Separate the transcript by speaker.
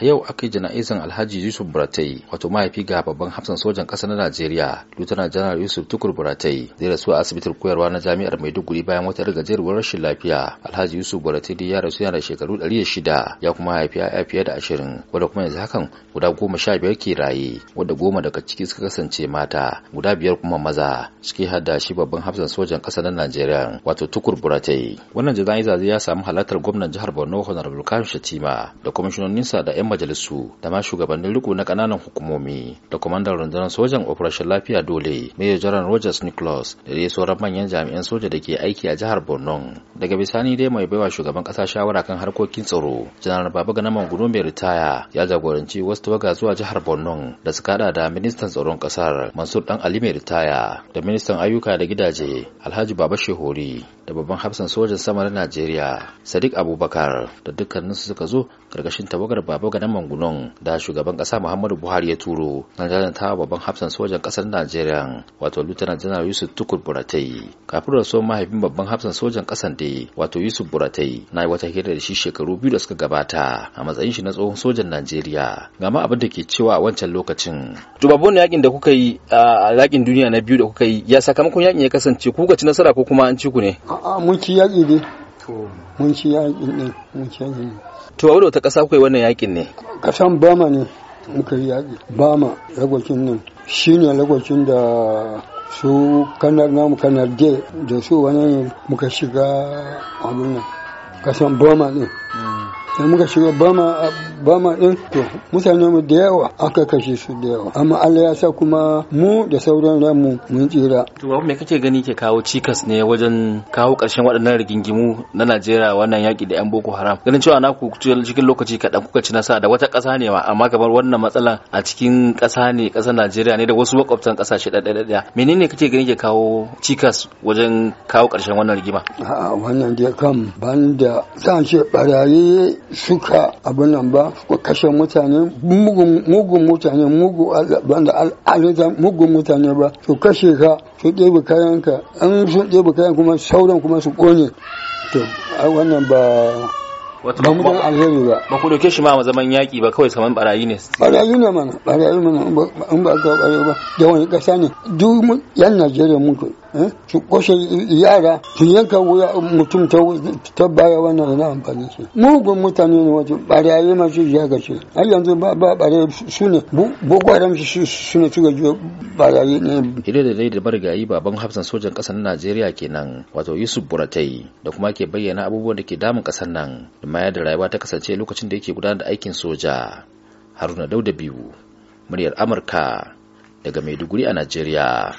Speaker 1: a yau aka yi jana'izan alhaji yusuf buratai wato mahaifi ga babban hafsan sojan ƙasa na najeriya lieutenant general yusuf tukur buratai zai rasu a asibitin koyarwa na jami'ar maiduguri bayan wata gajeruwar rashin lafiya alhaji yusuf buratai dai ya rasu yana da shekaru ɗari da shida ya kuma haifi ya'ya fiye da ashirin wanda kuma yanzu hakan guda goma sha biyar ke raye wanda goma daga ciki suka kasance mata guda biyar kuma maza suke hada shi babban hafsan sojan ƙasa na najeriya wato tukur buratai wannan jana'iza ya samu halartar gwamnan jihar borno honorable kashim shatima da nisa da 'yan majalisu da ma shugabannin riko na kananan hukumomi da kwamandan rundunar sojan operation lafiya dole mai general rogers nicholas da dai sauran manyan jami'an soja da ke aiki a jihar borno daga bisani dai mai baiwa shugaban kasa shawara kan harkokin tsaro janar baba gana mangudo mai ritaya ya jagoranci wasu tawaga zuwa jihar borno da suka hada da ministan tsaron kasar mansur dan ali mai ritaya da ministan ayyuka da gidaje alhaji baba shehori da babban hafsan sojan sama na Najeriya Sadiq Abubakar da dukkanin su suka zo karkashin tawagar Baba Ganan Mangunon da shugaban kasa Muhammadu Buhari ya turo na jajanta babban hafsan sojan kasar Najeriya wato Lieutenant General Yusuf Tukur Buratai kafin da rasuwar mahaifin babban hafsan sojan kasar da wato Yusuf Buratai na yi wata hira da shi shekaru biyu da suka gabata a matsayin shi na tsohon sojan Najeriya ga ma abin da ke cewa a wancan lokacin tubabon yakin da kuka yi a yakin duniya na biyu da kuka yi ya sakamakon yakin ya kasance kuka ci nasara ko kuma an ci ku ne
Speaker 2: a mun ci yaƙi ne mun ci ne mun yaƙi ne
Speaker 1: to a ta ƙasa kai wannan yaƙin ne
Speaker 2: ƙasan bama ne muka yi yaƙi bama lagwacin nan shine lagwacin da su kanar namu kanar de da su wani muka shiga abin nan ƙasan bama ne mm. da muka shiga bama bama din to mutane mu da yawa aka kashe su da yawa amma Allah ya sa kuma mu da sauran ranmu mun tsira
Speaker 1: to me kake gani ke kawo cikas ne wajen kawo karshen waɗannan rigingimu na Najeriya wannan yaki da 'yan Boko Haram ganin cewa na ku cikin lokaci kaɗan kuka ci sa da wata ƙasa ne ma amma kamar wannan matsalan a cikin ƙasa ne ƙasar Najeriya ne da wasu makwabtan ƙasashe ɗaya menene kake gani ke kawo cikas wajen kawo ƙarshen wannan rigima
Speaker 2: a'a wannan dai kan ban da san ɓarayi suka abinan ba ko kashe mutane mugun mutane banda mugun mutane ba su kashe ka su ɗebe kayanka an sun ɗebe kayan kuma sauran kuma su ƙone to wannan ba wato ba mu alheri ba
Speaker 1: ba ku dauke shi ma zaman yaki ba kawai saman barayi ne barayi
Speaker 2: ne mana barayi mana in ba ka barayi ba da wani kasa ne duk yan Najeriya muke eh? su koshe yara su yanka wuya mutum ta baya wannan yana amfani shi mugun mutane ne wato barayi ma su ya gace har yanzu ba ba barayi su ne boko haram su ne su gaji barayi
Speaker 1: ne hidda da dai da bargayi baban hafsan sojan ƙasar Najeriya kenan wato Yusuf Buratai da kuma ke bayyana abubuwan da ke damun ƙasar nan mayar da rayuwa ta kasance lokacin da yake gudanar da aikin soja haruna dauda biyu muryar amurka daga maiduguri a najeriya